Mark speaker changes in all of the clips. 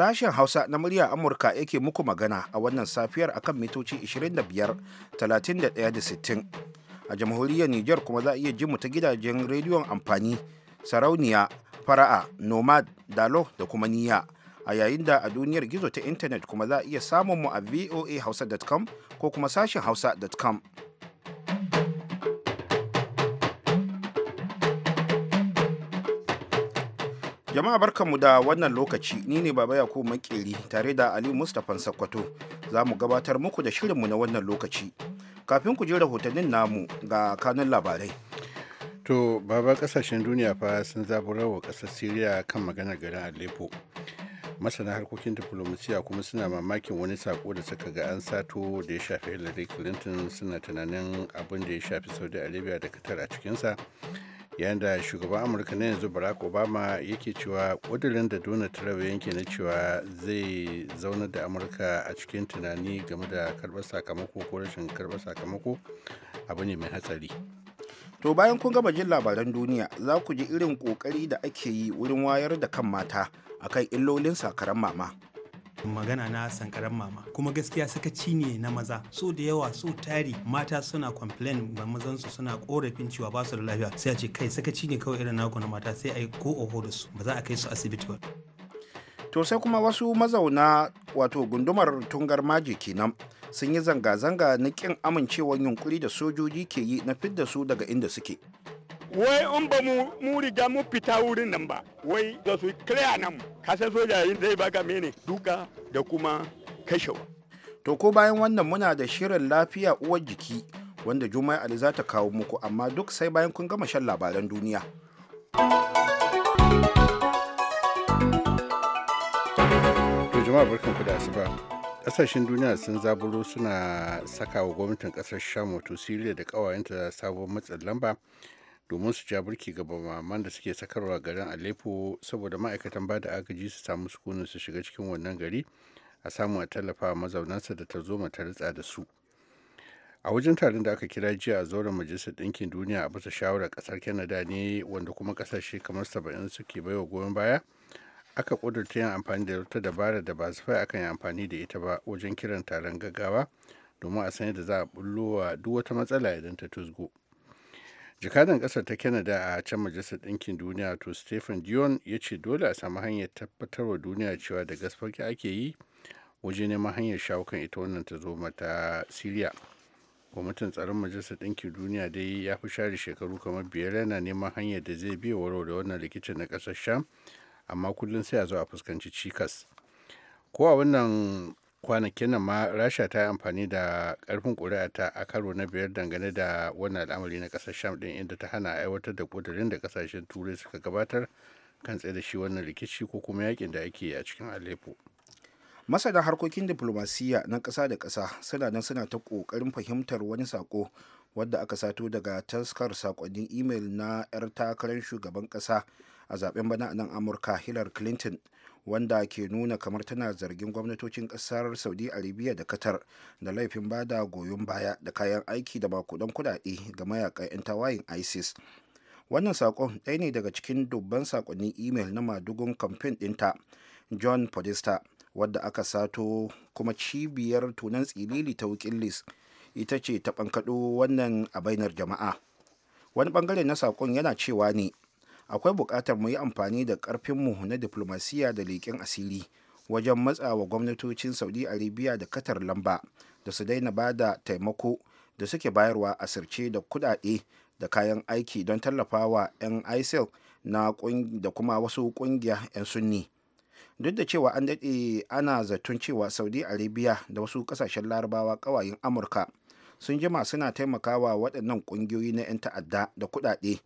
Speaker 1: Sashen Hausa na murya Amurka yake muku magana a wannan safiyar akan mitoci 25, 31 da 60. A jamhuriyar Nijar kuma za a iya mu ta gidajen rediyon amfani, sarauniya, fara'a, nomad, dalo da kuma niyya. A yayin da a duniyar gizo ta intanet kuma za a iya samun mu a voahausa.com ko kuma sashen hausa.com. Jama'a mu da wannan lokaci ni ne Baba Yakubu Makeri tare da ali Mustapha Sakkwato za mu gabatar muku da shirinmu na wannan lokaci. Kafin ku je rahotannin namu
Speaker 2: ga kanun labarai. To, baba kasashen duniya fa sun zaburar wa ƙasar Siriya kan maganar garin Aleppo. Masana harkokin diplomasiya kuma suna mamakin wani sako da suka ga an sato da ya shafi Hillary Clinton suna tunanin abin da ya shafi Saudi Arabia da Qatar a cikinsa. yanda shugaban amurka na yanzu barack obama yake cewa kudurin da donald trump yanke na cewa zai zauna da amurka a cikin tunani game da karbar sakamako ko rashin karbar sakamako abu ne mai hatsari to bayan kun gama jin labaran duniya za ku ji irin kokari da ake
Speaker 1: yi wurin wayar da kan mata akan illolin sakaran mama
Speaker 3: magana na sankaran mama kuma gaskiya sakaci ne na maza so da yawa so tari mata suna complain ba mazan su suna korafin cewa ba su da lafiya sai a ce kai sakaci ne kawai irin naku na mata sai a ko oho da su ba za a kai su asibiti ba
Speaker 1: to sai kuma wasu mazauna wato gundumar tungar maji kenan sun yi zanga-zanga na kin amincewar yunkuri da sojoji ke
Speaker 4: yi na fidda su daga inda suke wai in ba mu riga mu fita wurin nan ba wai da su kira nan ka soja sojayin zai baka mene duka da kuma kashewa to ko bayan wannan muna da shirin lafiya uwar jiki wanda juma'a ali
Speaker 1: za ta kawo muku amma duk sai bayan kun gama shan labaran duniya
Speaker 2: to barkan ku da asuba kasashen duniya sun zaburo suna saka wa gwamnatin kasar shamu wato siriya da kawayenta sabon matsin lamba domin su ja burki ga bamaman da suke sakarwa garin aleppo saboda ma'aikatan bada agaji su samu sukunin su shiga cikin wannan gari a samu a tallafa mazaunansa da ta zo ta ritsa da su a wajen taron da aka kira jiya a zauren majalisar ɗinkin duniya a bisa shawarar ƙasar canada ne wanda kuma ƙasashe kamar saba'in suke baiwa goyon baya aka ƙudurta yin amfani da wata dabara da ba su fai akan yi amfani da ita ba wajen kiran taron gaggawa domin a sanya da za a bullo wa duk wata matsala idan ta tuzgo. jakadan kasar ta canada a can majalisar ɗinkin duniya to stephen dion ya ce dole a samu hanyar tabbatar wa duniya cewa da gaske ake yi waje neman hanyar shawo kan ita wannan ta zo mata siriya kwamitin tsaron majalisar ɗinkin duniya dai ya fi share shekaru kamar biyar yana neman hanyar da zai biya warware wannan rikicin na ƙasar sham amma kullum sai a zo a fuskanci cikas ko a wannan kwanakin nan ma rasha ta yi amfani da karfin kuri'a ta a karo na biyar dangane da wannan al'amari na kasar sham din inda ta hana aiwatar da kudurin da kasashen turai suka gabatar kan tsaye da shi wannan rikici ko kuma yakin da ake yi a cikin aleppo masana harkokin
Speaker 1: diflomasiyya na kasa da ƙasa suna nan suna ta kokarin fahimtar wani sako wadda aka sato daga taskar sakonnin imel na 'yar takarar shugaban kasa a zaben bana nan amurka hillary clinton wanda ke nuna kamar tana zargin gwamnatocin kasar saudi arabia da qatar da laifin bada goyon baya da kayan aiki da makudan kudade ga mayakan 'yan tawayin isis wannan sakon ɗaya ne daga cikin dubban sakonnin imel na madugun kamfen ɗinta john podesta wadda aka sato kuma cibiyar tunan tsilili ta wikileaks ita ce ta bankaɗo wannan a bainar jama'a wani bangare na sakon yana cewa ne akwai buƙatar mu yi amfani da ƙarfinmu na diflomasiya da leƙen asiri wajen matsawa gwamnatocin saudi arabia da katar lamba da su daina ba da taimako da suke bayarwa a sirce da kuɗaɗe da kayan aiki don tallafawa 'yan isil e na da kuma wasu ƙungiya 'yan sunni duk da cewa an daɗe ana zaton cewa saudi arabia da wasu ƙasashen larabawa ƙawayen amurka sun jima suna taimakawa waɗannan ƙungiyoyi na 'yan ta'adda da kuɗaɗe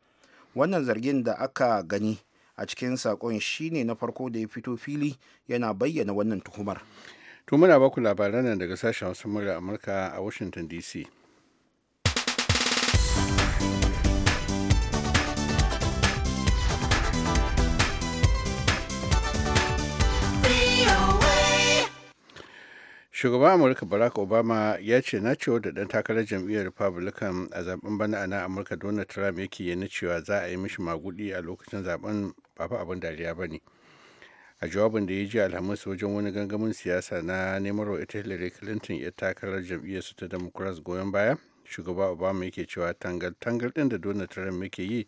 Speaker 1: wannan zargin da aka gani a cikin
Speaker 2: sakon ne na farko da ya fito fili yana bayyana wannan tuhumar to muna baku labaran daga sashen wasu murya amurka a washington dc shugaban amurka barack obama ya ce na cewa da ɗan takarar jam'iyyar republican a zaben bana a na amurka donald trump yake yi na cewa za a yi mishi magudi a lokacin zaben babu abun abin dariya ba ne a jawabin da ya ji alhamis wajen wani gangamin siyasa na neman wa ita hillary clinton ya takarar su ta democrats goyon baya shugaba obama yake cewa tangal-tangal ɗin da donald trump yake yi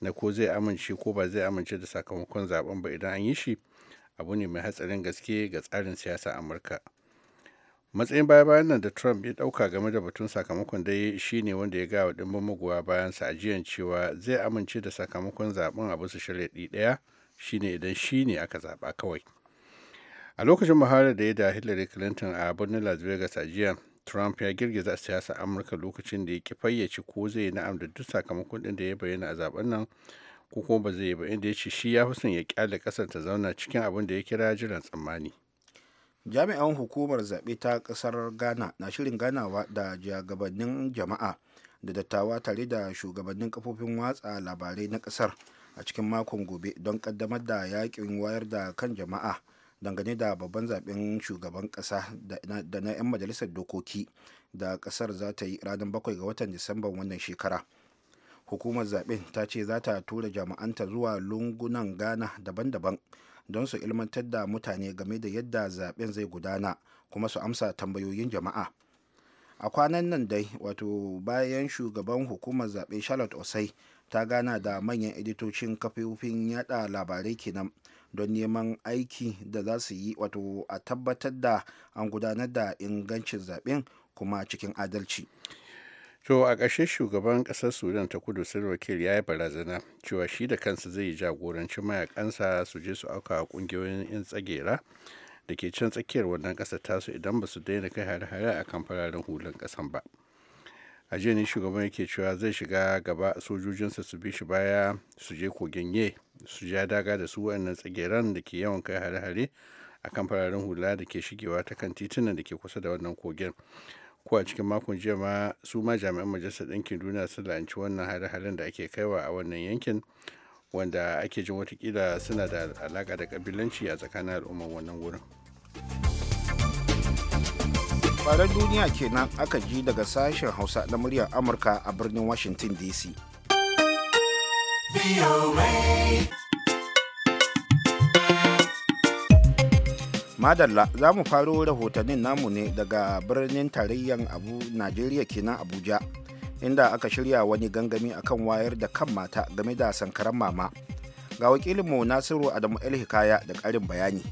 Speaker 2: na ko zai amince ko ba zai amince da sakamakon zaben ba idan an yi shi abu ne mai hatsarin gaske ga tsarin siyasa amurka matsayin baya bayan nan da trump ya dauka game da batun sakamakon dai shine wanda ya gawa dimbin magoya bayansa ajiyan cewa zai amince da sakamakon zaben a bisa sharaɗi ɗaya shine idan shine aka zaba kawai a lokacin muhawarar da ya da hillary clinton a birnin las vegas a jiya trump ya girgiza siyasar amurka lokacin da ya ki fayyace ko zai na'am da duk sakamakon ɗin da ya bayyana a zaben nan ko kuma ba zai yi ba inda ya ce shi ya fi son ya kyale kasar ta zauna cikin abin da ya kira jiran tsammani jami'an hukumar
Speaker 1: zaɓe ta ƙasar ghana na shirin ganawa da jagabannin jama'a da dattawa tare da shugabannin kafofin watsa labarai na ƙasar a cikin makon gobe don ƙaddamar da yaƙin wayar da kan jama'a dangane da babban zaɓen shugaban ƙasa da na 'yan majalisar dokoki da ƙasar za ta yi ranar 7 ga watan disamban wannan shekara hukumar zaɓen ta ce za ta tura jama'anta zuwa lungunan ghana daban-daban don su ilmantar da mutane game da yadda zaben zai gudana kuma su amsa tambayoyin jama'a a kwanan nan dai wato bayan shugaban hukumar zaɓe charlotte osai ta gana da manyan editocin kafofin yada labarai kenan don neman aiki da za su yi wato a tabbatar da an gudanar da ingancin zaɓen kuma cikin adalci
Speaker 2: to a ƙashe shugaban ƙasar sudan ta kudu silva wakil ya yi barazana cewa shi da kansa zai yi jagoranci mayakansa su je su auka ƙungiyoyin 'yan tsagera da ke can tsakiyar wannan ƙasa tasu idan ba su daina kai hare-hare a kan fararen hulan ƙasan ba a jiya ne shugaban yake cewa zai shiga gaba sojojinsa su bi shi baya su je kogin ye su ja daga da su wa'annan tsageran da ke yawan kai hare-hare a kan fararen hula da ke shigewa ta kan titunan da ke kusa da wannan kogin ko a cikin makon jiya ma su ma jami'an majalisar ɗinkin duniya sun la'anci wannan hare-haren da ake kaiwa a wannan yankin wanda ake jin watakila suna da alaƙa da ƙabilanci a tsakanin al'ummar wannan wurin.
Speaker 1: farar duniya kenan aka ji daga sashen hausa na muryar amurka a birnin washington dc. madalla za mu faro rahotannin namu ne daga birnin tarayyar abu najeriya kenan abuja inda aka shirya wani gangami akan wayar da kan mata game da sankaran mama ga wakilinmu nasiru adamu el hikaya da karin bayani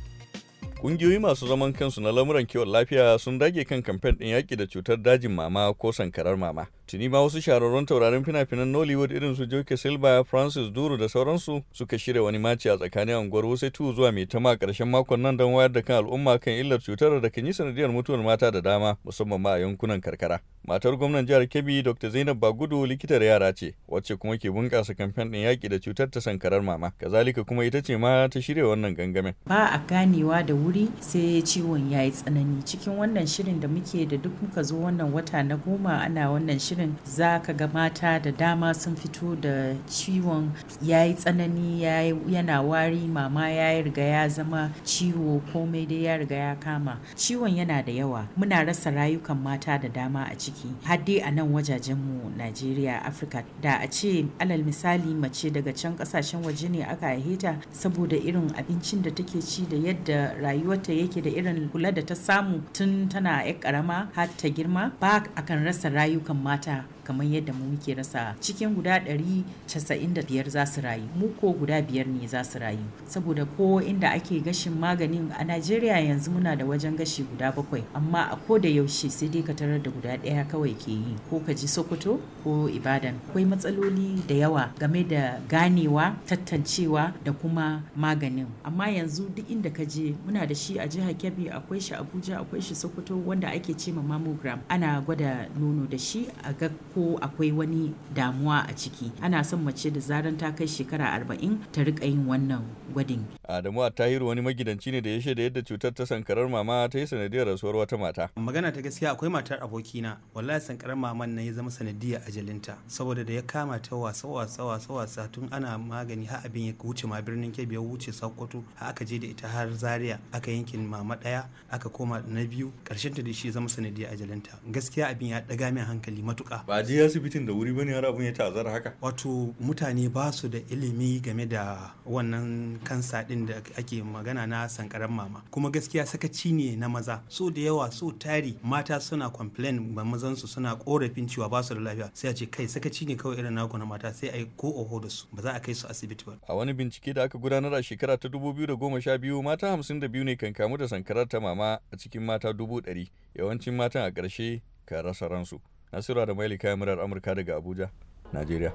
Speaker 5: Ƙungiyoyi masu zaman kansu na lamuran kiwon lafiya sun dage kan kamfen ɗin yaƙi da cutar dajin mama ko sankarar mama. Tuni ma wasu shahararrun taurarin fina-finan Nollywood irin su Joke Silva, Francis Duru da sauransu suka shirya wani maci a tsakanin unguwar Wusaitu zuwa mai tama ƙarshen makon nan don wayar da kan al'umma kan illar cutar da kan yi sanadiyar mutuwar mata da dama musamman ma a yankunan karkara. Matar gwamnan jihar Kebbi Dr. Zainab Bagudu likitar yara ce wacce kuma ke bunkasa kamfen ɗin yaƙi da cutar ta sankarar mama. Kazalika kuma ita ce ma ta shirya wannan gangamin.
Speaker 6: Ba a ganewa da wuri sai ciwon ya yi tsanani cikin wannan shirin da muke da duk muka zo wannan wata na goma ana wannan shirin shirin za ka ga mata da dama sun fito da ciwon ya yi tsanani yana wari mama ya riga ya zama ciwo komai dai ya riga ya kama ciwon yana da yawa muna rasa rayukan mata da dama a ciki har dai a nan wajajen mu najeriya afirka da a ce alal misali mace daga can kasashen waje ne aka haihe ta saboda irin abincin da take ci da yadda rayuwarta yake da irin kula da ta samu tun tana 'yar karama har ta girma ba akan rasa rayukan mata Yeah. kamar yadda mu muke rasa cikin guda 195 za su rayu mu ko guda biyar ne za su rayu saboda ko inda ake gashin maganin a Najeriya yanzu muna da wajen gashi guda bakwai amma a ko da yaushe sai dai ka tarar da guda ɗaya kawai ke yi ko ka ji Sokoto ko Ibadan akwai matsaloli da yawa game da ganewa tattancewa da kuma maganin amma yanzu duk inda ka je muna da shi a jihar Kebbi akwai shi Abuja akwai shi Sokoto wanda ake ce ma mammogram ana gwada nono da shi a ga ko akwai wani damuwa a ciki ana son mace da zaran ta kai shekara arba'in ta rika yin wannan
Speaker 5: gwadin adamu a tahiru wani magidanci ne da ya shaida yadda cutar ta sankarar mama ta yi sanadiyar rasuwar wata mata
Speaker 3: magana ta gaskiya akwai matar abokina wallahi sankarar maman na ya zama a ajalinta saboda da ya kama ta wasa wasa wasa wasa tun ana magani har abin ya wuce ma birnin kebbi ya wuce sokoto har aka je da ita har zaria aka yankin mama ɗaya aka koma na biyu karshen ta da shi zama a ajalinta gaskiya abin ya daga min hankali matuka
Speaker 5: je asibitin da wuri bane
Speaker 3: har abun ya tazara haka wato mutane ba su da ilimi game da wannan kansa din da ake magana na sankaran mama kuma gaskiya sakaci ne na maza so da yawa so tari mata suna complain ba mazan su suna korafin cewa ba su da lafiya sai a ce kai sakaci ne kawai irin naku na mata sai a ko oho da su ba za a kai su asibiti ba
Speaker 5: a wani bincike da aka gudanar a shekara ta 2012 mata 52 ne kan kamu da sankarar ta mama a cikin mata 100 yawancin matan a ƙarshe ka rasa ransu Nasura da kayan murar Amurka daga Abuja, Najeriya.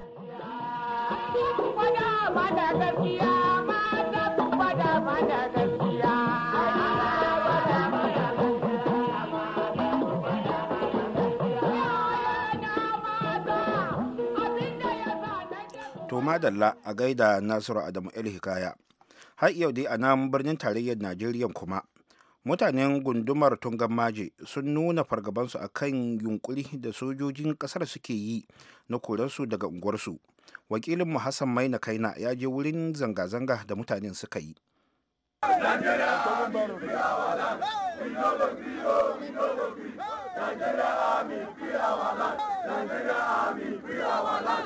Speaker 1: To madalla a gaida Nasiru Adamu El Hikaya. Har yau dai a nan birnin tarayyar Najeriya kuma mutanen gundumar tungan maje sun nuna fargabansu a kan yunkuri da sojojin kasar suke yi na korarsu daga unguwarsu wakilin hassan maina kaina ya je wurin zanga-zanga da mutanen suka yi
Speaker 4: Nigeria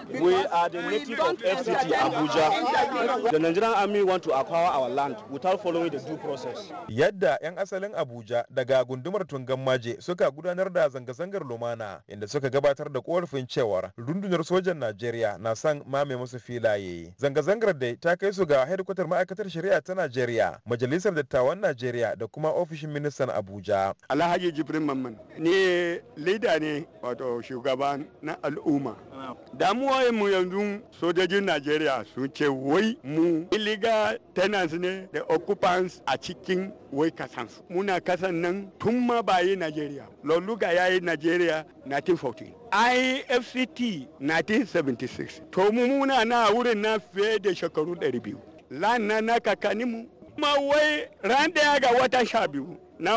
Speaker 7: We are the native of FCT
Speaker 8: Abuja. The Nigerian army want to acquire our land without following the due process. Yadda 'yan asalin Abuja daga gundumar Tungan Maje suka gudanar da zanga-zangar lumana inda suka gabatar da korafin cewar rundunar sojan Najeriya na son mame musu filaye. Zanga-zangar dai ta kai su ga hedkwatar ma'aikatar shari'a ta Najeriya, majalisar dattawan Najeriya da kuma ofishin ministan Abuja.
Speaker 4: Alhaji Jibrin Mamman ne leda ne wato shugaban na al'umma. Damu waye mu yanzu sojojin Najeriya sun ce wai mu illegal tenants ne da occupants a cikin wai kasansu. Muna kasan nan tun ma ba yi Najeriya. Loluga ya yi Najeriya 1914. IFCT 1976. To mu muna na wurin na fiye da shekaru 200. Lan na mu. Ma wai ran daya ga wata sha biyu na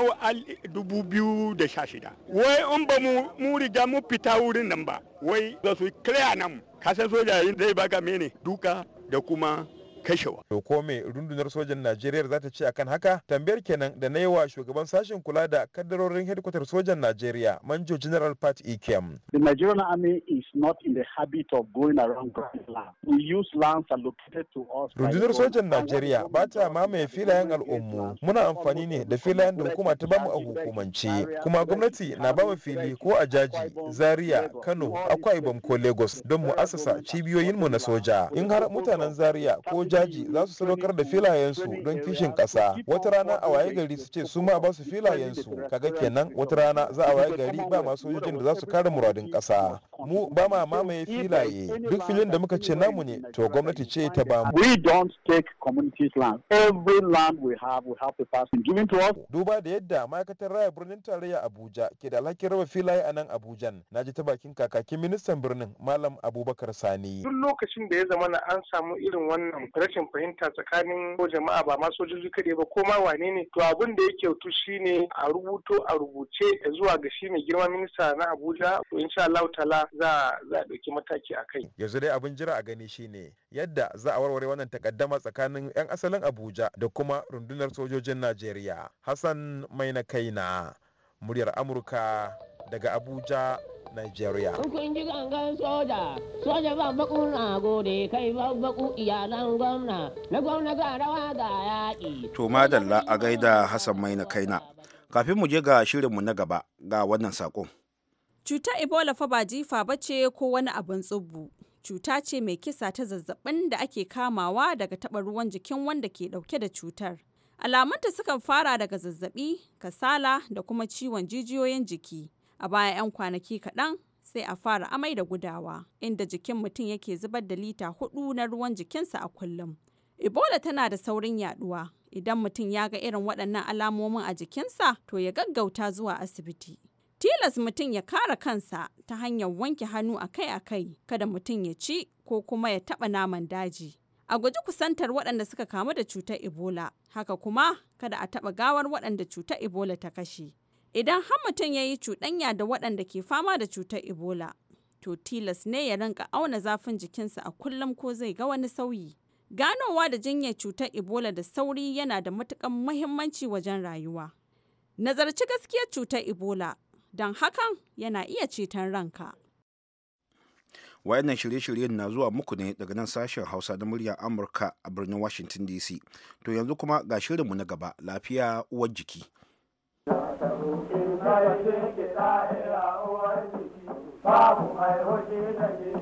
Speaker 4: dubu biyu da sha shida wai in ba mu riga mu fita wurin nan ba wai za su kira nan kasan soja zai baka mene duka da kuma kashewa.
Speaker 8: To ko me rundunar sojan Najeriya za ta ce akan haka? Tambayar kenan da na yi wa shugaban sashen kula da kaddarorin hedikwatar sojan Najeriya Manjo General Pat Ikem.
Speaker 4: The Nigerian Army is not in the habit of going around ground land. We use lands allocated to us.
Speaker 8: Rundunar sojan Najeriya ba ta mamaye filayen al'ummu. Muna amfani ne da filayen da hukuma ta bamu a hukumance. Kuma gwamnati na bamu fili ko a jaji Zaria, Kano, Akwa Ibom ko Lagos don mu asasa cibiyoyinmu na soja. In har mutanen Zaria ko jaji za su sadaukar da filayensu don kishin kasa. wata rana a waye gari su ce su ma ba su filayensu kaga kenan wata rana za a waye gari ba ma sojojin da za su kare muradin ƙasa mu ba ma mamaye filaye duk filin da muka ce namu ne to gwamnati ce ta ba mu don't take community land every duba da yadda ma'aikatar raya birnin tarayya Abuja ke da alhakin raba filaye a nan Abujan ji ta bakin kakakin ministan birnin malam Abubakar Sani duk lokacin da ya zama na an samu irin wannan rashin fahimta tsakanin ko jama'a ba ma sojoji kaɗai ba ko ma wane ne to abin da ya kyautu shine a rubuto a rubuce
Speaker 4: zuwa ga shi mai girma minista na Abuja to insha allahu ta'ala za za a ɗauki mataki a kai
Speaker 8: yanzu dai abin jira a gani shine yadda za a warware wannan takaddama tsakanin 'yan asalin Abuja da kuma rundunar sojojin Najeriya Hassan mai na Kaina muryar Amurka daga Abuja Nigeria.
Speaker 9: Kun ji gangan soja, soja ban baku na gode kai ban baku iyalan gwamna, na gwamna ga rawa ga
Speaker 10: yaƙi.
Speaker 1: To madalla a gaida Hassan Maina Kaina. Kafin mu je ga shirinmu na gaba ga wannan saƙon.
Speaker 10: Cuta Ebola fa ba jifa ba ce ko wani abin tsubbu. Cuta ce mai kisa ta zazzabin da ake kamawa daga taɓa ruwan jikin wanda ke ɗauke da cutar. alamanta sukan fara daga zazzabi, kasala da kuma ciwon jijiyoyin jiki. a baya 'yan kwanaki kaɗan sai a fara amai da gudawa inda jikin mutum yake zubar da lita hudu na ruwan jikinsa a kullum ebola tana da saurin yaduwa idan mutum ya ga irin waɗannan alamomin a jikinsa to ya gaggauta zuwa asibiti tilas mutum ya kare kansa ta hanyar wanke hannu akai-akai kada mutum ya ci ko kuma ya taɓa naman daji a guji kusantar waɗanda suka kamu da cutar ebola haka kuma kada a taɓa gawar waɗanda cutar ebola ta kashe Idan har mutum ya yi cuɗanya da waɗanda ke fama da cutar Ebola, to tilas ne ya rinka auna zafin jikinsa a kullum ko zai ga wani sauyi. Ganowa da jinyar cutar Ebola da sauri yana da matukan muhimmanci wajen rayuwa. Nazarci gaskiyar cutar Ebola, don hakan yana iya ceton ranka.
Speaker 1: Wayannan shirye-shiryen na zuwa muku ne daga nan sashen Hausa da muryar Amurka a birnin Washington DC. To yanzu kuma ga shirinmu na gaba, lafiya uwar jiki.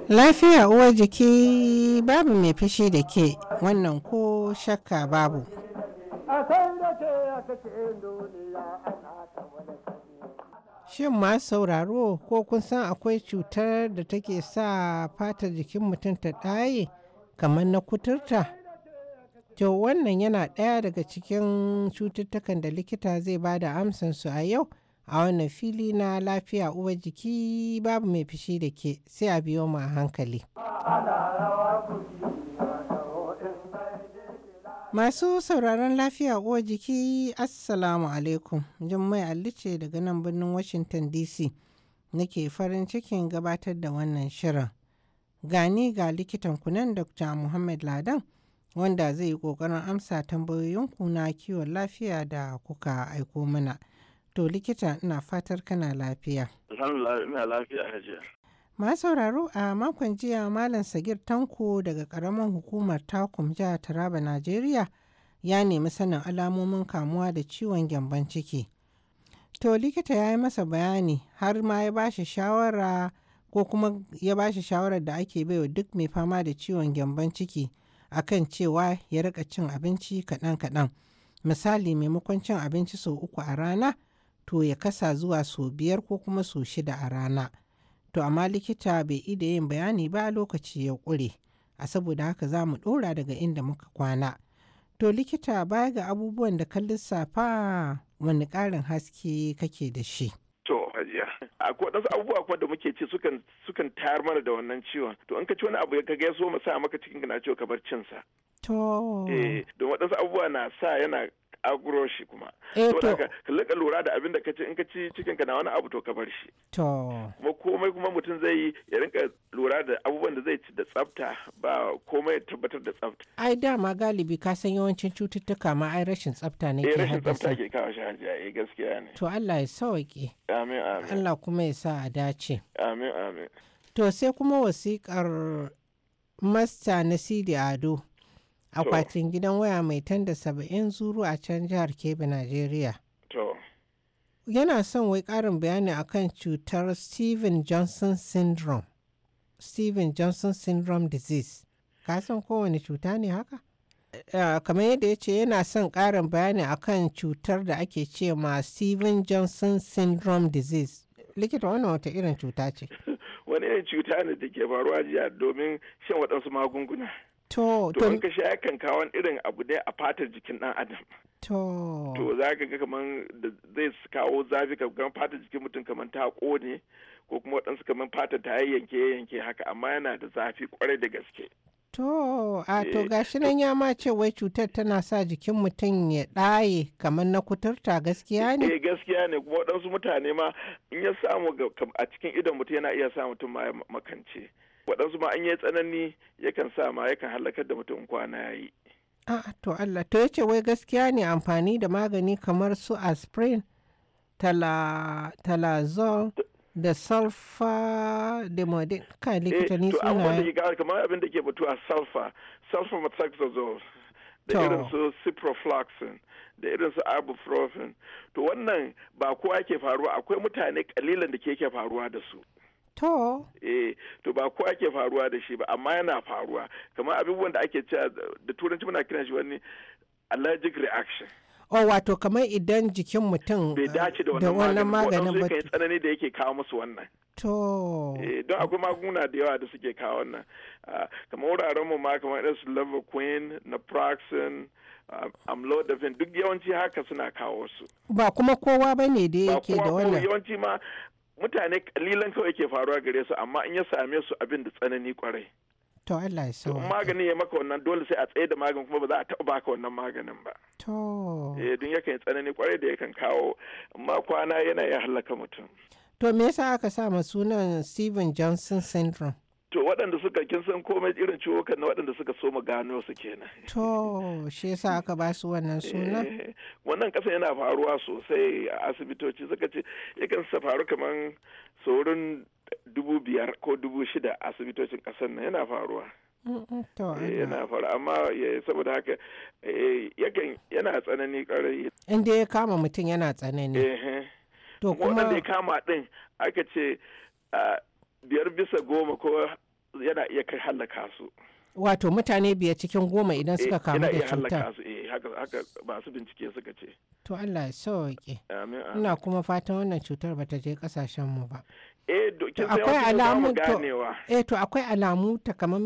Speaker 9: Lafiya uwar jiki babu mai fishi da ke wannan ko shakka babu. Shin masu sauraro ko kun san akwai cutar da take sa fatar jikin mutum ta ɗaye kamar na kuturta? To wannan yana ɗaya daga cikin cututtukan da likita zai ba da amsansu a yau a wannan fili na lafiya uwa jiki babu mai fishi da ke sai a biyo mu a hankali. Masu sauraron lafiya uwa jiki Assalamu alaikum Jummai mai ce daga nan birnin Washington DC nake farin cikin gabatar da wannan shirin. Gani ga likitan kunan Dr. Muhammad Ladan. wanda zai yi ƙoƙarin amsa tambayoyin ku na kiwon lafiya da kuka aiko mana. To likita ina fatar kana lafiya.
Speaker 7: ina lafiya
Speaker 9: Ma sauraro a makon jiya Malam Sagir Tanko daga ƙaramin hukumar Takum jihar Taraba Najeriya ya nemi sanin alamomin kamuwa da ciwon gyamban ciki. To likita ya yi masa bayani har ma ya ba shi shawara ko kuma ya ba shi shawarar da ake baiwa duk mai fama da ciwon gyamban ciki akan cewa ya rika cin abinci kaɗan-kaɗan misali maimakon cin abinci sau uku a rana to ya kasa zuwa sau biyar ko kuma sau shida a rana to amma likita bai ida yin bayani ba lokaci ya ƙure a saboda haka za mu ɗora daga inda muka kwana to likita baya ga abubuwan da ka lissafa wani ƙarin haske kake da shi
Speaker 7: hajiya akwai wadansu abubuwa kuma da muke ci sukan sukan tayar mana da wannan ciwon to in ka ci wani abu ya kaga ya so mu sa maka cikin gina ciwo kamar cin sa to eh don wadansu abubuwa na sa yana agro shi kuma eh, saboda ka lika lura da abin da ka ci in ka ci cikin ka na wani abu to ka bar shi to kuma komai kuma mutum zai yi ya rinka lura da abubuwan da zai ci da tsafta ba komai ya tabbatar da tsafta
Speaker 9: ai dama galibi ka san yawancin cututtuka ma ai rashin tsafta ne ke eh, haddasa rashin tsafta ke
Speaker 7: kawo shi hajiya eh gaskiya ne to Allah ya sauke amin amin Allah kuma ya sa a dace amin amin
Speaker 9: to sai kuma wasikar masta na Sidi Ado akwatin gidan waya mai tanda saba'in zuru a can jihar kebbi najeriya yana son wai ƙarin bayani akan cutar steven johnson syndrome steven johnson syndrome disease ka san kowane cuta ne haka uh, kamar yadda ya ce yana son ƙarin bayani akan cutar da ake ce ma steven johnson syndrome disease likita wannan wata irin cuta ce
Speaker 7: wani irin cuta ne da ke faruwa jiya domin shan waɗansu magunguna To, to in ka sha yakan kawon irin abu ne a fatar jikin ɗan adam.
Speaker 9: To. To
Speaker 7: za ka ga kamar da zai kawo zafi kamar fatar jikin mutum kamar ta ƙone ko kuma waɗansu kamar fatar ta yanke yanke haka amma yana da zafi kwarai da gaske.
Speaker 9: To, a to eh, gashi nan ya ma ce wai cutar tana sa jikin mutum ya ɗaye kamar na kuturta gaskiya ne? Eh
Speaker 7: gaskiya ne kuma waɗansu mutane ma in ya samu a cikin idon mutum yana iya sa mutum ma makance. waɗansu ma an yi tsanani yakan sa ma yakan halakar da mutum kwana ya yi.
Speaker 9: Ah, to Allah to yace wai gaskiya ne amfani da magani kamar su aspirin, talazol da sulfa da modin ka eh, likita ni suna. To abubuwan da
Speaker 7: ke gawar kamar abin da ke batu a sulfa, sulfa metaxazole da irin su ciprofloxacin da irin su ibuprofen to wannan ba kowa ke faruwa akwai mutane kalilan da ke ke faruwa da su. To. Eh, to ba ko ake faruwa da shi ba, amma yana faruwa. Kamar abubuwan da ake cewa da turanci muna kiran shi wani allergic reaction.
Speaker 9: Oh, wato kamar idan jikin mutum bai eh,
Speaker 7: dace da wannan maganin ba. Da tsanani da yake kawo musu wannan.
Speaker 9: To. Eh,
Speaker 7: don akwai magunguna da yawa da suke kawo wannan. Ah, kamar wuraren mu ma kamar irin su Levoquin, Naproxen, ah, amlodipine duk yawanci haka suna kawo su.
Speaker 9: Ba kuma kowa ba ne da yake da wannan. Ba kuma
Speaker 7: yawanci ma mutane kalilan kawai ke faruwa gare su amma in ya same su abin da tsanani kwarai
Speaker 9: to Allah ya so magani
Speaker 7: ya maka wannan dole sai a tsaye da maganin kuma ba za a taɓa baka wannan maganin ba
Speaker 9: to
Speaker 7: eh dun yakan yi tsanani kwarai da yakan kawo amma kwana yana ya halaka mutum
Speaker 9: to me yasa aka sa ma sunan Steven Johnson syndrome
Speaker 7: waɗanda suka kin san komai irin kan na waɗanda suka so mu gano su kenan
Speaker 9: to shi yasa aka ba su wannan suna eh,
Speaker 7: wannan ƙasa yana faruwa sosai a asibitoci suka ce yakan sa faru kamar saurin dubu biyar ko dubu shida asibitocin ƙasar nan yana faruwa
Speaker 9: eh, yana
Speaker 7: faru amma eh, saboda haka yakan yana tsanani ƙarai
Speaker 9: inda ya kama mutum yana tsanani to kuma ya
Speaker 7: kama ɗin aka ce ah, biyar bisa goma ko yana iya kai hallaka su
Speaker 9: wato mutane biyar cikin goma idan suka eh, kamu da cutar
Speaker 7: eh, haka masu bincike suka ce to Allah ya sauke ina kuma
Speaker 9: fatan wannan cutar bata je kasashen eh, mu ba
Speaker 7: eh to akwai alamu to
Speaker 9: eh to akwai alamu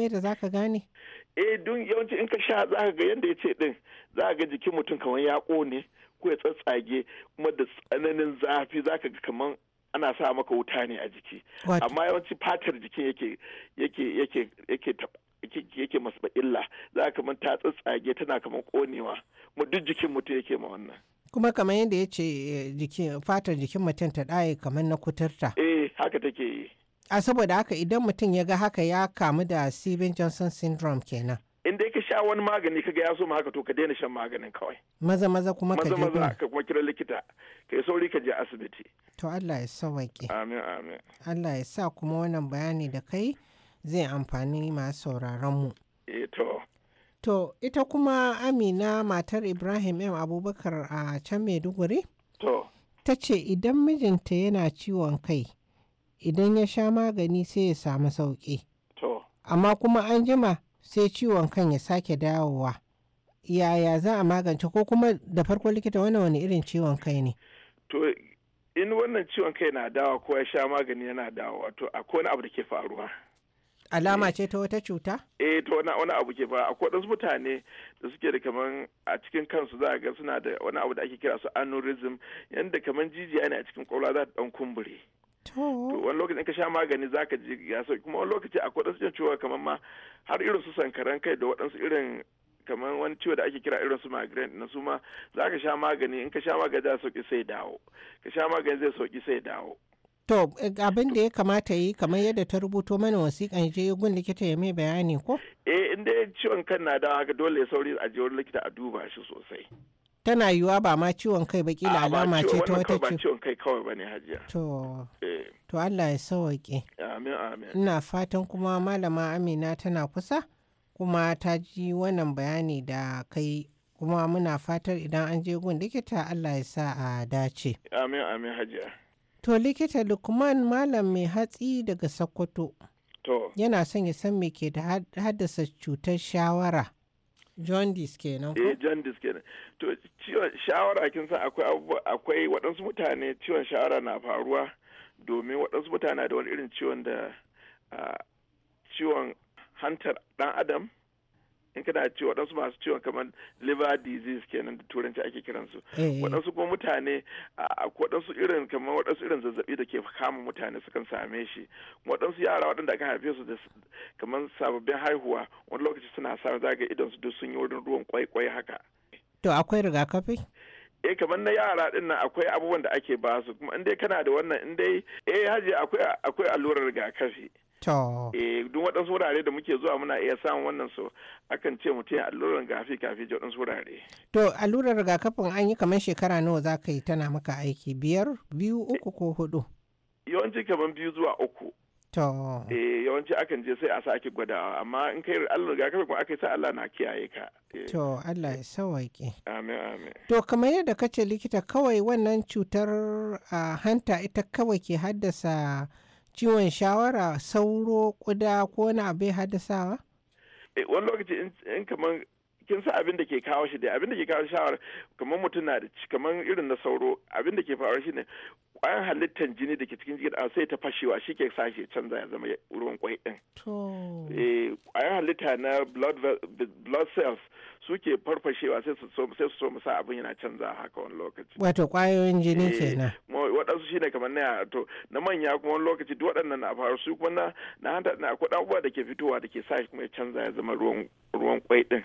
Speaker 9: da zaka gane
Speaker 7: eh dun yawanci in ka sha zaka ga yanda yace din zaka ga jikin mutum kamar ya kone ko ya tsatsage kuma da tsananin zafi zaka ga kamar ana sa maka wuta ne a jiki amma yawanci fatar jikin yake yake yake yake yake ba illa za ka ta tsatsage tana kamar konewa mu duk jikin mutum yake ma wannan
Speaker 9: kuma kamar yadda ya ce eh, jikin fatar jikin mutum ta ɗaye
Speaker 7: kamar na kuturta eh haka take yi
Speaker 9: a saboda haka idan mutum ya ga haka ya kamu da Steven Johnson syndrome kenan
Speaker 7: sha wani magani kaga ya so haka to ka daina shan maganin kawai
Speaker 9: maza maza kuma ka maza
Speaker 7: ka kuma kira likita kai yi sauri ka je asibiti
Speaker 9: to Allah ya sauke
Speaker 7: amin amin
Speaker 9: Allah ya sa kuma wannan bayani da kai zai amfani masu sauraron mu eh to to ita kuma Amina matar Ibrahim M Abubakar a can Maiduguri to ta ce idan mijinta yana ciwon kai idan ya sha magani sai ya samu sauƙi amma kuma an jima sai ciwon kan ya sake dawowa yaya za a magance ko kuma da farko likita wannan wani irin ciwon kai ne
Speaker 7: to in wannan ciwon kai na dawa ko ya sha magani yana dawa to akwai wani abu da ke faruwa
Speaker 9: alama eh. ce ta wata cuta?
Speaker 7: eh to wani wani abu ke faruwa akwai wasu mutane da suke da kaman a cikin kansu za a ga suna da wani abu da ake kira su aneurysm yanda kaman jijiya ne a cikin kwakwalwa za ta dan kumbure to wani lokaci in ka sha magani za ka ji ya sauki kuma wani lokaci a akwai wadansu ciwo kamar ma har irin su sankaran kai da waɗansu irin kamar wani ciwo da ake kira irin su migraine na su ma za ka sha magani in ka sha magani zai sauki sai dawo ka sha magani zai sauki sai dawo
Speaker 9: to abin da ya kamata yi kamar yadda ta rubuto mana wasiƙan je gun likita ya mai bayani ko
Speaker 7: eh inda ciwon kan na da haka dole ya sauri a je wurin likita a duba shi sosai
Speaker 9: tana yiwuwa ba ma ciwon kai ba kila alama ce ta wata ciwon
Speaker 7: ciwon kai kawai bane hajiya to eh.
Speaker 9: to Allah ya sauke amin amin ina fatan kuma malama Amina tana kusa kuma ta ji wannan bayani da kai kuma muna fatar idan an je gun likita Allah ya sa a
Speaker 7: dace amin amin hajiya
Speaker 9: to likita Lukman malam mai hatsi daga Sokoto to yana son ya san me ke da haddasa cutar shawara jaundice kenan eh
Speaker 7: jaundice kenan to ciwon shawara kin san akwai akwai waɗansu mutane ciwon shawara na faruwa domin waɗansu mutane da wani irin ciwon da ah, ciwon hantar ɗan adam in kana ce waɗansu masu ciwon kamar liver disease kenan da turanci ake kiransu eh, eh. waɗansu kuma mutane a waɗansu irin kamar waɗansu irin zazzabi da ke kama mutane sukan same shi waɗansu yara waɗanda aka haife su da kamar sababbin haihuwa wani lokaci suna sa zaga idon su duk sun yi wurin ruwan kwaikwai haka
Speaker 9: to akwai rigakafi
Speaker 7: e kamar na yara din nan akwai abubuwan da ake ba su kuma indai kana da wannan indai eh haji akwai akwai allurar rigakafi to eh duk waɗansu wurare da muke zuwa muna iya samun wannan so akan ce mutum allurar rigakafi kafin ji waɗansu wurare
Speaker 9: to allurar rigakafin an yi kamar shekara nawa za yi tana maka aiki biyar biyu uku ko hudu
Speaker 7: yawanci kamar biyu zuwa uku
Speaker 9: Eh
Speaker 7: yawanci akan je sai a sake gwadawa amma in kai Allah ga kuma aka sa Allah na kiyaye ka. Eh.
Speaker 9: To Allah ya sawaƙe.
Speaker 7: Amin amin.
Speaker 9: To kamar yadda kace likita kawai wannan cutar a hanta ita kawai ke haddasa ciwon shawara sauro kuda ko wani abu ya haddasawa?
Speaker 7: Eh wani lokaci in kamar kin sa abin da ke kawo shi dai abin da ke kawo shawara kamar mutum na da kamar irin na sauro abin da ke faruwa shi ne kwayan halittar jini da ke cikin jikin ɗan sai ta fashewa shi ke sa shi canza ya zama ruwan kwai ɗin. Eh, kwayan halitta na blood cells suke farfashewa sai su so sa abin yana canza haka wani lokaci.
Speaker 9: Wato kwayoyin jini eh, kenan.
Speaker 7: ne kamar na to na manya kuma wani lokaci duk waɗannan na faru su kuma na na hanta na akwai abubuwa da ke fitowa da ke sa shi kuma ya canza ya zama ruwan ruwan kwai din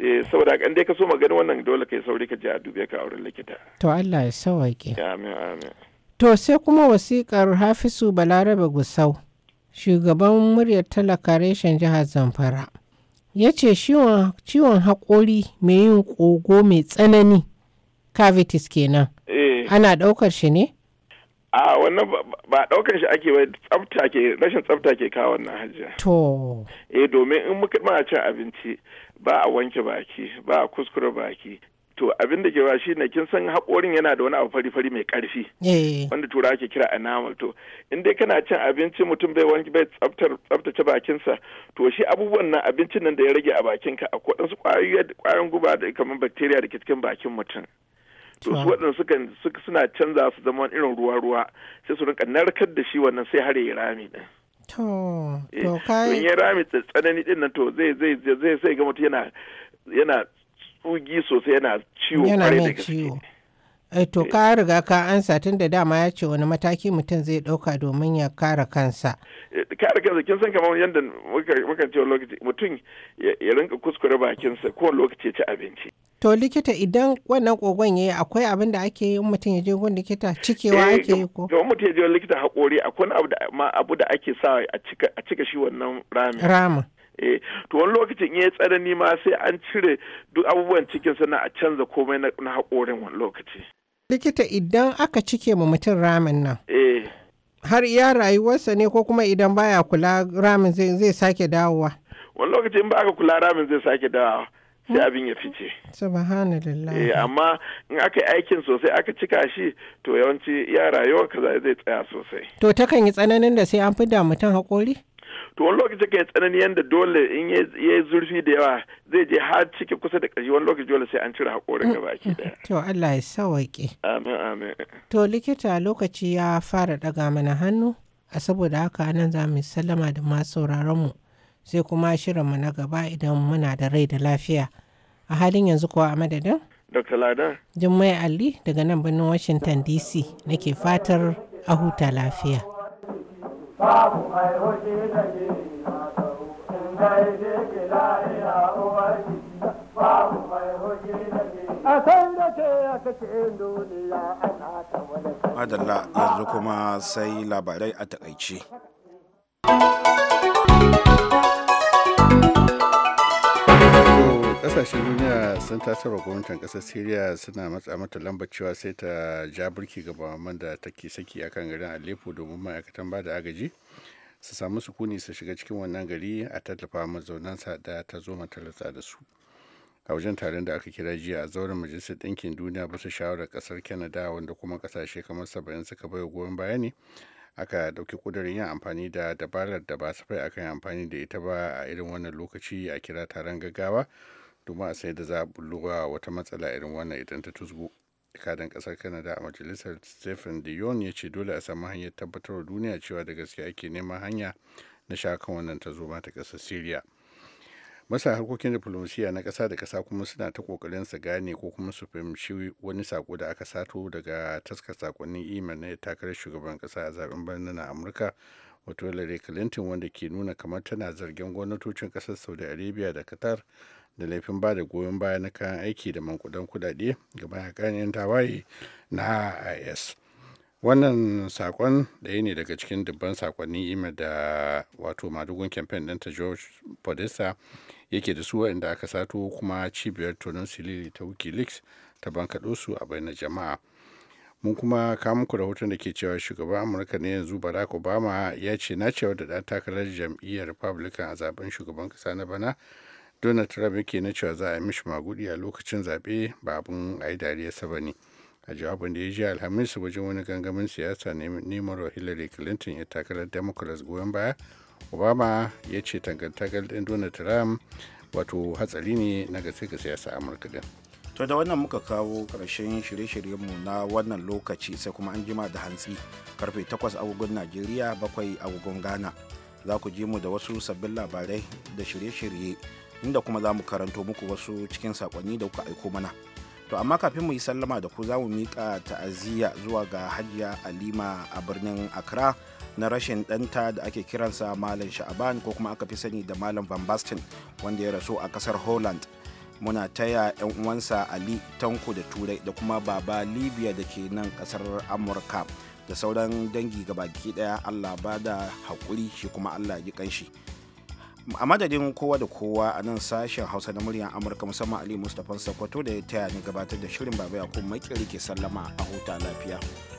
Speaker 7: eh, saboda kan dai ka so magana wannan dole kai sauri ka je a dube ka auren likita
Speaker 9: to Allah ya sauke
Speaker 7: amin amin
Speaker 9: to sai kuma wasikar Hafisu Balarabe Gusau shugaban muryar talaka reshen jihar Zamfara ya ce ciwon haƙori mai yin ƙogo mai tsanani cavities kenan eh. ana ɗaukar shi ne?
Speaker 7: a wannan ba daukan shi ake ba tsafta ke rashin tsafta ke kawo wannan hajiya to eh domin in muka ma cin abinci ba a wanke baki ba a kuskure baki to abin da ke ba shi ne kin san haƙorin yana da wani abu fari fari mai ƙarfi eh. wanda tura ake kira enamel to in dai kana cin abinci mutum bai wanke bai tsaftar tsaftace bakinsa to shi abubuwan nan abincin nan da ya rage a bakinka akwai wasu ƙwayoyin guba da kamar bacteria da ke cikin bakin mutum to su waɗanda suka suna canza su zama irin ruwa-ruwa sai su rinka narkar da shi wannan sai har ya rami din
Speaker 9: to eh, to kai in ya rami
Speaker 7: tsanani din nan to zai zai zai sai ga mutum yana yana tsugi sosai yana ciwo yana mai ciwo
Speaker 9: eh to eh. ka riga ka ansa tun da dama ya ce wani mataki mutum zai ɗauka domin ya kare kansa
Speaker 7: eh, kare kansa kin san kamar yadda muka ce lokaci mutum ya rinka kuskure bakinsa ko lokaci ci abinci
Speaker 9: To likita idan wannan kogon ya yi, akwai abin da ake yi mutum ya je gun likita cikewa eh, ake yi
Speaker 7: ko? Don mutum ya je likita haƙori akwai abu da ake sa a cika shi wannan ramin. Ramin. Eh to wani lokacin ya tsanani ma sai an cire duk abubuwan cikin sannan a canza komai na haƙorin wani lokaci.
Speaker 9: Likita idan aka cike ma mutum ramin nan. Eh. Har iya rayuwarsa ne ko kuma idan baya kula ramin zai sake dawowa.
Speaker 7: Wani lokacin ba aka kula ramin zai sake dawowa. sai abin ya fice.
Speaker 9: Subhanallah.
Speaker 7: Eh, amma in aka yi aikin sosai aka cika shi to yawanci yara yawa kaza zai tsaya sosai.
Speaker 9: To ta kan yi tsananin da sai an fi da mutum haƙori?
Speaker 7: to wani lokaci kan tsananin yadda dole in ya yi zurfi da yawa zai je har ciki kusa da ƙarshe wani lokaci dole sai an cire haƙorin gaba
Speaker 9: ki daya. To Allah ya sawaƙe.
Speaker 7: Amin amin.
Speaker 9: To likita lokaci ya fara ɗaga mana hannu a saboda haka nan za mu sallama da masu sauraron mu. sai kuma shirinmu na gaba idan muna da rai da lafiya. A halin yanzu kuwa a madadin?
Speaker 7: Dr. Lada.
Speaker 9: Jummai Ali daga nan birnin Washington DC nake fatar a huta lafiya.
Speaker 1: Madalla yanzu kuma sai labarai a takaice.
Speaker 2: kasashen duniya sun tasarwa gwamnatin kasar syria suna matsa mata lamba cewa sai ta ja burki ga bamaman da take saki akan garin aleppo domin ma'aikatan ba da agaji su samu sukuni su shiga cikin wannan gari a tallafa mazaunansa da ta zo matalata da su a wajen taron da aka kira jiya a zauren majalisar ɗinkin duniya ba su shawarar ƙasar canada wanda kuma kasashe kamar saba'in suka bai goyon baya ne aka ɗauki ƙudurin yin amfani da dabarar da ba su fai akan amfani da ita ba a irin wannan lokaci a kira taron gaggawa domin a sai da za a bulluwa wata matsala irin wannan idan ta tusgo kadan kasar canada a majalisar stephen dion ya ce dole a samu hanyar tabbatar duniya cewa da gaske ake neman hanya na shakan wannan ta zoma ta kasar syria masa harkokin diplomasiya na kasa da kasa kuma suna ta kokarin su gane ko kuma su fahimci wani sako da aka sato daga taskar sakonnin imel na takarar shugaban kasa a zaben birnin amurka wato hillary clinton wanda ke nuna kamar tana zargin gwamnatocin kasar saudi arabia da qatar da laifin ba da goyon baya na kayan aiki da mankudan kudade ga baya 'yan tawaye na is wannan sakon ɗaya ne daga cikin dubban sakonni imel da wato madugun kamfen ɗin ta george podesta yake da su inda aka sato kuma cibiyar tonon silili ta wikileaks ta bankaɗo su a bayan jama'a mun kuma kamun ku rahoton da ke cewa shugaban amurka ne yanzu barack obama ya ce na cewa da ɗan takarar jam'iyyar republican a zaben shugaban ƙasa na bana donald trump yake na cewa za a mishi magudi a lokacin zaɓe ba abin a yi dariyarsa ba ne a jawabin da ya ji alhamis wajen wani gangamin siyasa neman hillary clinton ya takarar democrats goyon baya obama ya ce tangantakar ɗin donald trump wato hatsari ne na gaske ga siyasa amurka din to da
Speaker 1: wannan muka kawo karshen shirye-shiryenmu na wannan lokaci sai kuma an jima da hantsi karfe 8 agogon najeriya 7 agogon ghana za ku ji mu da wasu sabbin labarai da shirye-shirye inda kuma za mu karanto muku wasu cikin sakonni da kuka aiko mana to amma kafin mu yi sallama da ku za mu miƙa ta'aziyya zuwa ga hajiya alima a birnin accra na rashin ɗanta da ake kiransa malam sha'aban ko kuma aka fi sani da malam van basten wanda ya rasu a ƙasar holland muna taya 'yan uwansa ali tanko da turai da kuma baba libya da ke nan ƙasar amurka da sauran dangi gabaki ɗaya allah ba da haƙuri shi kuma allah ji ƙanshi. shi a madadin kowa da kowa a nan sashen hausa na muryar amurka musamman ali mustapha sakwato da ya taya ni gabatar da shirin baba yakub kuma ke sallama a huta lafiya